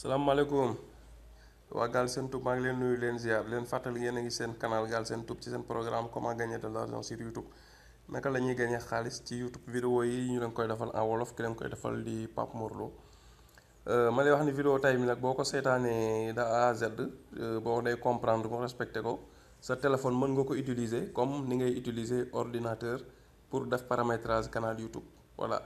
salaamaaleykum waa Galsen Tube maa ngi leen nuyu leen ziar leen fàttali yéen a ngi seen canal Galsen Tube ci seen programme comment gagner de l'argent naka la ñuy gagner xaalis ci YouTube vidéo yi ñu leen koy defal en wolof ki leen koy defal di Pape Mor Lo euh, ma lay wax ni vidéo tay mi nag boo ko seetaanee da A à euh, boo day comprendre ko respecté ko sa téléphone mën nga ko utiliser comme ni ngay utiliser ordinateur pour def paramétrage canal YouTube voilà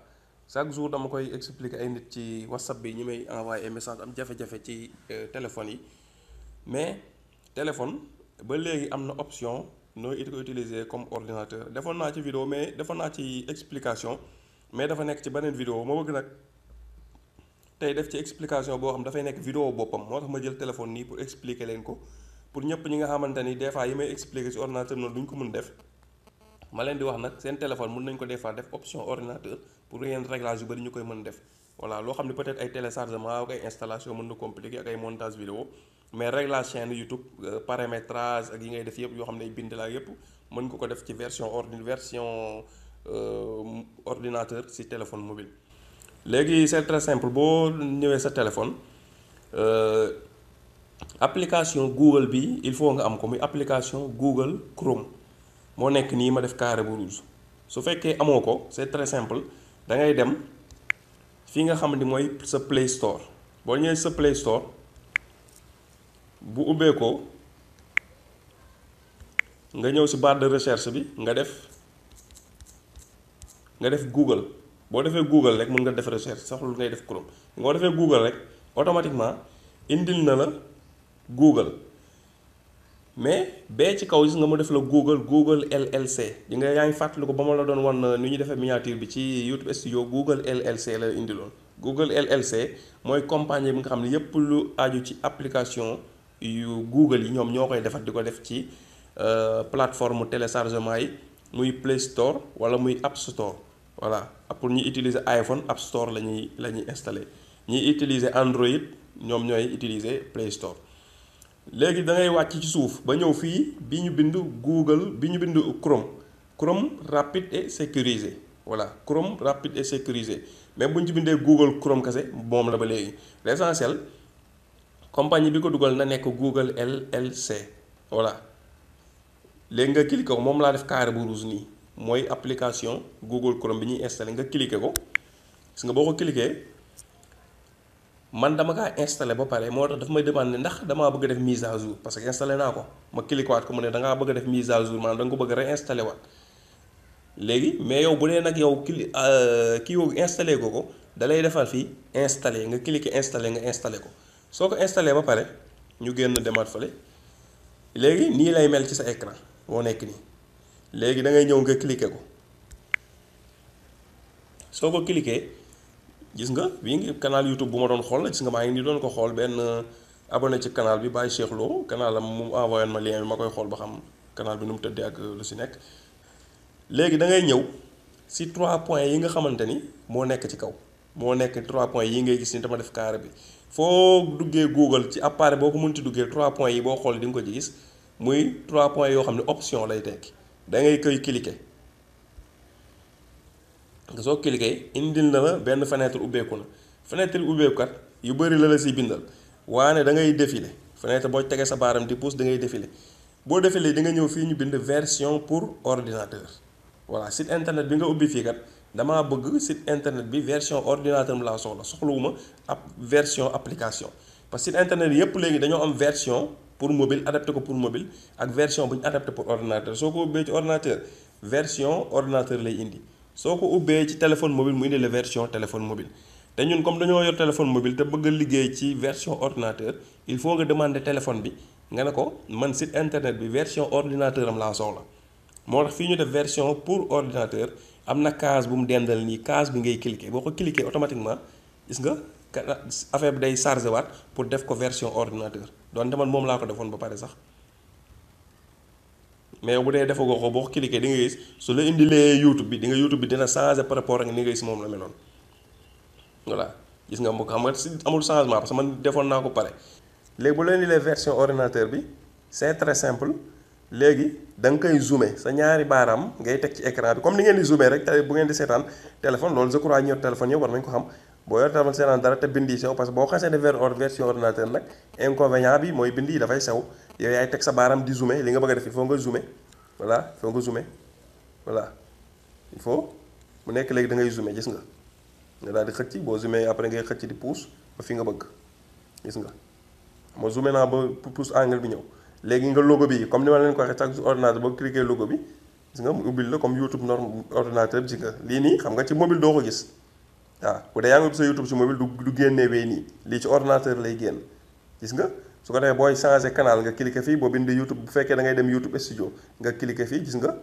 chaque jour dama koy expliquer ay nit ci whatsapp bi ñu may envoyé message am jafe-jafe ci euh, téléphone yi mais téléphone ba léegi am na option nooy ko utiliser comme ordinateur defoon naa ci vidéo mais defoon naa ci explication mais dafa nekk ci beneen vidéo ma bëgg nag tey def ci explication boo xam dafay nekk vidéo boppam moo tax ma jël téléphone nii pour expliquer leen ko pour ñëpp ñi nga xamante ni des fois yi may expliquer ci ordinateur lu ñu ko mën def ma leen di wax nag seen téléphone nañ ko des fois def option ordinateur pour yenn réglage yu bëri ñu koy mën def voilà loo xam ne peut-être ay téléchargement ak ay installation mën na compliqué ak ay montage vidéo mais réglage chaîne YouTube euh, paramétrage ak yi ngay def yëpp yoo xam ne bind laa yëpp mën nga ko def ci version ordi version euh, ordinateur si téléphone mobile. léegi c'est très simple boo ñëwee sa téléphone euh, application Google bi il faut nga am ko muy application Google Chrome moo nekk nii ma def carré bu rouge su fekkee amoo ko c'est très simple. da ngay dem fii nga xam ni mooy sa play store boo ñëwee sa play store bu ubbeekoo nga ñëw si barre de recherche bi nga def nga def Google boo defee Google rek mën nga def recherche sax lu ngay def Chrome boo defee Google rek automatiquement indil na la Google. mais bee ci kaw gis nga mu def la Google Google LLC di nga yaa ngi fàttali ko ba ma la doon wan euh, ni ñu defee miniature bi ci YouTube studio Google LLC la indiloon Google LLC mooy compagnie bi nga xam ne yépp lu aju ci application yu Google yi ñoom ñoo koy defar di ko def ci euh, plateforme téléchargement yi muy Play Store wala muy App Store voilà ah, pour ñuy utiliser iPhone App Store la ñuy la ñuy installer ñuy utiliser Android ñoom ñooy utiliser Play Store. léegi da wàcc ci suuf ba ñëw fii bi ñu bind Google bi ñu bind Chrome Chrome rapide et sécurisé voilà Chrome rapide et sécurisé mais bu ñu ci bindee Google Chrome kese moom la ba léegi l'essentiel compagnie bi ko dugal na nekk Google LLC voilà léegi nga cliquer ko moom laa def carré bu rouge nii mooy application Google Chrome bi ñuy installé nga cliquer ko gis nga boo ko cliquer man dama kaa installé ba pare moo tax daf may demandé ndax damaa bëgg a def mise à jour parce que installé naa ko ma cliqué waat ko mu ne da ngaa bëgg a def mise à jour maanaam da nga ko bëgg a réinstallé waat léegi mais yow bu dee nag yow kii euh, kii woo installé ko ko dalay lay defal fii installé nga cliqué installé nga installé ko soo ko installé ba pare ñu génn demaat fale léegi nii lay mel ci sa écran moo nekk nii léegi da ngay ñëw nga cliqué ko soo ko cliqué. gis nga bii ngi canal YouTube bu ma doon xool la gis nga maa ngi ni doon ko xool benn euh, abonné ci canal bi bàyyi Cheikh Lo canal am mu envoyé ma lien bi ma koy xool ba xam canal bi nu mu tëddee ak lu si nekk. léegi da ngay ñëw si trois points yi nga xamante ni moo nekk ci kaw moo nekk trois points yi ngay gis ni dama def carré bi foo duggee Google ci appareil boo ko mënti duggee trois points yi boo xool di nga ko ci gis muy trois points yoo xam ne option lay tekki da ngay koy cliquer. nga soo cliquer indil na ma benn fenêtre ubbeeku na fenêtre ubbeeku kat yu bëri la la siy bindal waane da ngay défilé fenêtre boo tegee sa baaram di pouce da ngay défilé boo défilé di nga ñëw fii ñu bind version pour ordinateur voilà site internet bi nga ubbi fii kat damaa bëgg site internet bi version ordinateur mu laa soxla soxlawuma ab version application parce que site internet yépp léegi dañoo am version pour mobile adapté ko pour mobile ak version bu ñu adapté ordinateur soo ko ubbee ci ordinateur version ordinateur lay indi soo ko ubbee ci téléphone mobile mu indi la version téléphone mobile te ñun comme dañoo yor téléphone mobile te bëgg a liggéey ci version ordinateur il faut nga demander téléphone bi nga ne ko man site internet bi version ordinateur am laa soxla moo tax fii ñu def version pour ordinateur am na case bu mu dendal nii case bi ngay cliquer boo ko cliquer automatiquement gis nga affaire bi day chargé pour def ko version ordinateur doonte man moom laa ko defoon ba pare sax. mais bu dee defagoo ko boo cliqué di nga gis su la indilee YouTube bi di nga YouTube bi dina changé par rapport ak ni nga gis moom la meloon voilà gis nga xam nga si amul changement parce que man defoon naa ko pare. léegi bu la indilee version ordinateur bi c'est très simple léegi da nga koy zoomé sa ñaari baaraam ngay teg ci écran bi comme ni ngeen di zoomé rek bu ngeen di seetaan téléphone loolu je crois téléphone yëpp war nañ ko xam. boo yor téléphone seenaan dara te bind yi sew parce que boo xasee ne vers or version ordinateur nag inconvénient bi mooy bind yi dafay sew yow yaay teg sa baaram di zoomé li nga bëgg a def il faut nga zoomé voilà il nga zoomé voilà il faut mu nekk léegi da ngay zoomé gis nga nga daal di xëcc boo zoomé après ngay xëcc di pousse ba fi nga bëgg gis nga ma zoomé ba pousse angle bi ñëw léegi nga logo bi comme ni ma leen ko waxee chaque ordinateur boo cliqué logo bi gis nga mu la comme YouTube norme ordinateur bi gis nga lii nii xam nga ci mobile doo ko gis. waaw bu dee yaa ngi sa YouTube si mobile du du génnee bee nii lii ci ordinateur lay génn gis nga su ko defee booy changé canal nga cliqué fii boo bindee YouTube bu fekkee da dem YouTube studio nga cliqué fii gis nga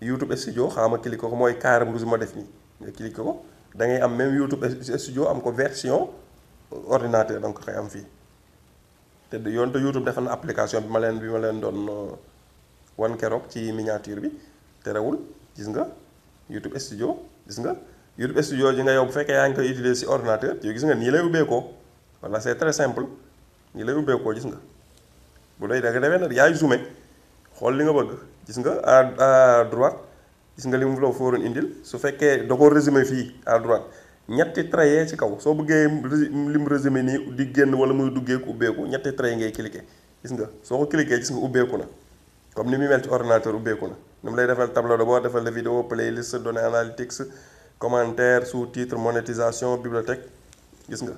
YouTube studio xaama cliqué mooy carré rouge ma def nii nga cliqué ko da ngay am même am ko version ordinateur da nga ko koy am fii te yoon te YouTube na application bi ma leen bi ma leen doon euh, wan keroog ci miniature bi terewul gis nga YouTube studio gis nga. YouTube Studio ji nga yow bu fekkee yaa ngi koy utiliser si ordinateur yow gis nga nii lay ubbeekoo voilà c'est très simple nii lay ubbeekoo gis nga bu lay da dee demee nag yaay xool li nga bëgg gis nga à droite gis nga li mu la fooroon indil su fekkee da ko résumé fii à droite ñetti traits ci kaw soo bëggee lim résumé nii di génn wala muy duggeeku ubbeeku ñetti traits ngay cliqué gis nga soo ko cliqué gis nga ubbeeku na comme ni muy mel ci ordinateur ubbeeku na ni mu lay defal tableau de bord defal la vidéo playlist données analytics commentaire sous-titre monétisation bibliothèque gis nga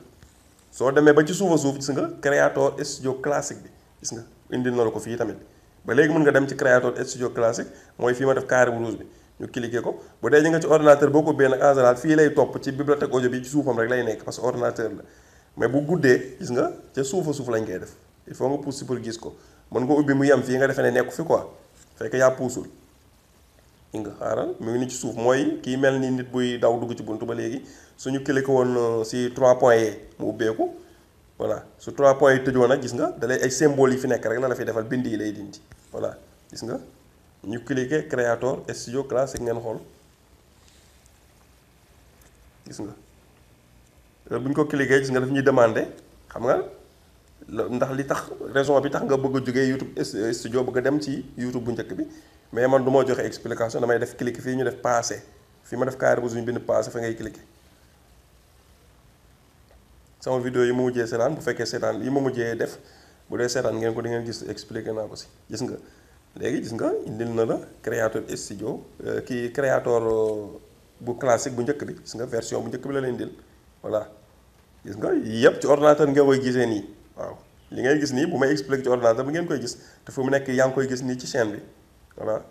soo demee ba ci suufa suuf gis nga Creator Studio Classic bi gis nga indi na la ko fii tamit ba léegi mun nga dem ci Creator Studio Classic mooy fii ma def carré bu rouge bi ñu cliquer ko bu dee ñu nga ci ordinateur boo ko ubbee nag fii lay topp ci bibliothèque audio bi ci suufam rek lay nekk parce que ordinateur la mais bu guddee gis nga ca suufa suuf lañ koy def il faut nga pousse pour gis ko mën nga ubbi mu yem fii nga defee ne nekku fi quoi fekk yaa puusul ñu xaaral mu ngi ni ci suuf mooy kii mel ni nit buy daw dugg ci bunt ba léegi suñu cliqué woon euh, si trois points yi mu ubbeeku voilà su trois points yi tëjoon nag gis nga dalay ay symboles yi fi nekk rek la la fi defal bind yi lay dindi voilà gis nga ñu cliqué créateur studio classique ngeen xool gis nga bu buñ ko cliqué gis nga daf ñuy demandé xam nga ndax li tax raison bi tax nga bëgg a jógee YouTube euh, studio bëgg dem ci YouTube bu njëkk bi mais man du ma joxe explication damay def cliquer fii ñu def passé fii ma def carré bu suñu bind passé fa ngay cliquer sama vidéo yi ma mujjee seetaan bu fekkee seetaan yi ma mujjee def bu dee seetaan ngeen ko di ngeen gis expliqué naa ko si gis nga léegi gis nga indil na la créateur studio euh, kii créateur bu classique bu njëkk bi gis nga version bu njëkk bi la leen indil voilà gis nga yëpp ci ordinateur nga koy gisee nii waaw li ngay gis nii bu may expliqué ci ordinateur bi ngeen koy gis te fu mu nekk yaa ngi koy gis nii ci chaîne bi voilà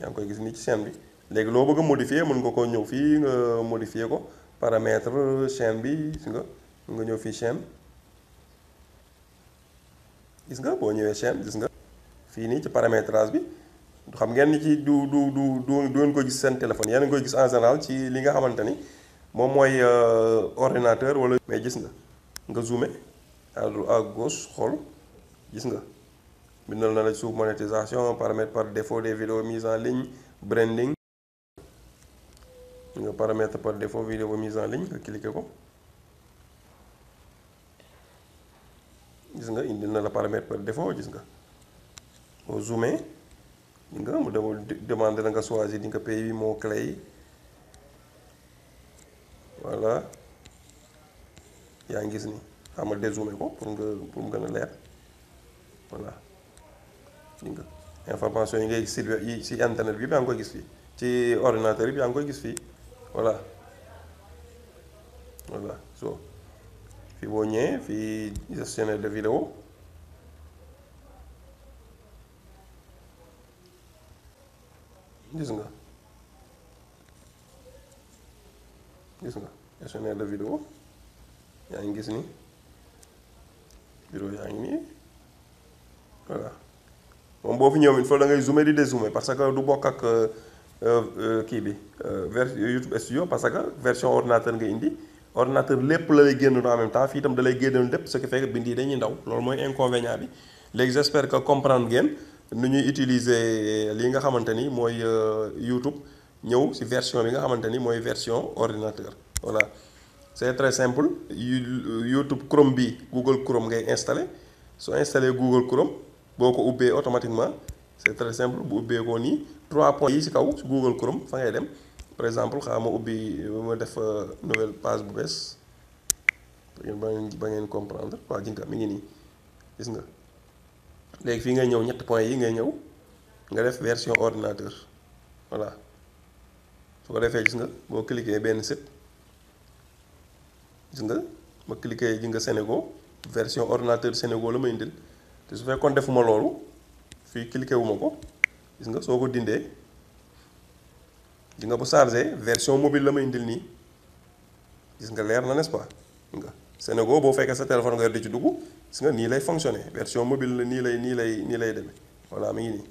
yaa ngi koy gis nii ci chaîne bi léegi loo bëgg a modifier mën nga koo ñëw fii nga modifier ko paramètre chaîne bi gis nga nga ñëw fii chaîne gis nga boo ñëwee chaîne gis nga fii nii ci paramétrage bi xam ngeen ni ci du du du du du ngeen koy gis seen téléphone yéen a koy gis en ci li nga xamante ni moom mooy euh, ordinateur wala mais gis nga nga zoomé à gauche xool gis nga bindal na la sous monétisation paramètre par défaut des vidéos mises en ligne branding nga paramètre par défaut vidéo mise en ligne nga cliqué ko gis nga indi na la paramètre par défaut gis nga boo zoomé di nga mu demal demande la nga choisir di nga pays mot clé yi yaa ngi gis ni xamal dézoomé ko pour nga pour mu gën a leer voilà information yi ngay gis si si internet bi yaa ngi koy gis fii ci ordinateur bi yaa ngi koy gis fii voilà voilà so fii boo ñëwee fii gestionnaire de vidéo gis nga gis nga gestionnaire de vidéo yaa ngi gis ni vidéo yaa ngi nii voilà moom boo fi ñëw il faut da ngay zoomer di dézoomer parce que du bokk ak euh, euh, kii bi euh, vers YouTube studio parce que version ordinateur nga indi ordinateur lépp la lay génn en même temps fii tam da lay génnoon lépp ce qui fait que bind yi dañuy ndaw loolu mooy inconvénient bi léegi j'espère que comprendre ngeen nu ñuy utiliser li nga xamante ni mooy YouTube ñëw si version bi nga xamante ni mooy version ordinateur voilà c'est très simple YouTube Chrome bi Google Chrome ngay installer soo installé Google Chrome boo ko ubbee automatiquement c' est très simple bu ubbee ko nii trois points yi ci kaw ci Google Chrome fa ngay dem par exemple xaa ma ubbi ma def euh, nouvelle page bu bees ba ba ngeen comprendre waaw gis nga mi ngi nii gis nga léegi fii ngay ñëw ñetti points yi ngay ñëw nga def version ordinateur voilà su ko defee gis nga boo cliquer benn site gis nga ma cliquer gis nga Sénégal version ordinateur Sénégal la may indil. te su kon defuma loolu fii cliqué wuma ko gis nga soo ko dindee di nga bu chargé version mobile la may indil nii gis nga leer na n'est-ce pas nga Senego boo fekkee sa téléphone nga di ci dugg gis nga nii lay fonctionné version mobile la nii lay nii lay nii lay demee voilà mi ngi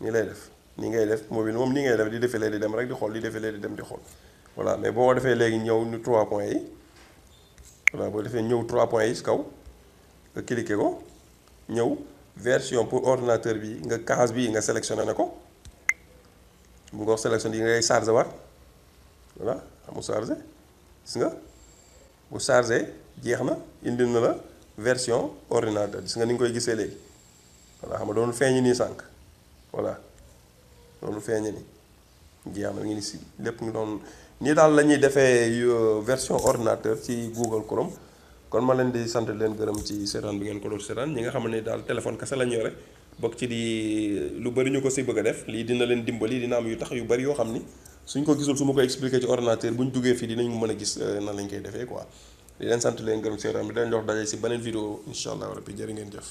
nii nii lay def nii ngay def mobile moom nii ngay def di défilé di dem rek di xool di défilé di dem di xool voilà mais boo defee léegi ñëw ñu trois points yi voilà boo defee ñëw trois points yi si kaw nga cliqué ko. ñëw version pour ordinateur bi nga case bi nga sélectionné ne ko mu nga wax sélectionné yi ngay chargé waat voilà amu chargé gis nga bu chargé jeex na indi na la version ordinateur gis nga ni nga koy gisee léegi voilà xam nga doon feeñu nii sànq voilà loolu feeñu nii jeex na ngi ni si lépp ngi doon nii daal la ñuy defee euh, version ordinateur ci Google Chrome kon ma leen di sant leen gërëm ci seetaan bi ngeen ko doon seetaan ñi nga xam ne daal téléphone kese lañ yore bokk ci di lu bari ñu ko si bëgg def lii dina leen dimbali dina am yu tax yu bari yoo xam ni suñ ko gisul su ma ko expliqué ci ordinateur bu ñu duggee fii dinañ mën a euh, nan lañ koy defee quoi di leen sant leen gërëm seetaan bi dañ si beneen vidéo incha allah rabbi jërë ngeen jëf.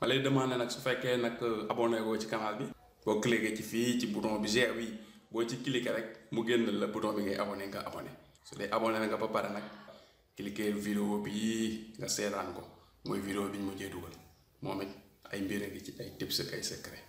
ma lay demandé nag su fekkee nag euh, abonné goo ci canal bi. boo cliqué ci fii ci bouton bi G bi boo ci cliqué rek mu génn la bouton bi ngay abonné nga abonné su dee abonné nga ba pare nag cliquer vidéo bi nga seetaan ko mooy vidéo biñ mujjee dugal moom it ay mbir ngi ci ay tips ak ay secret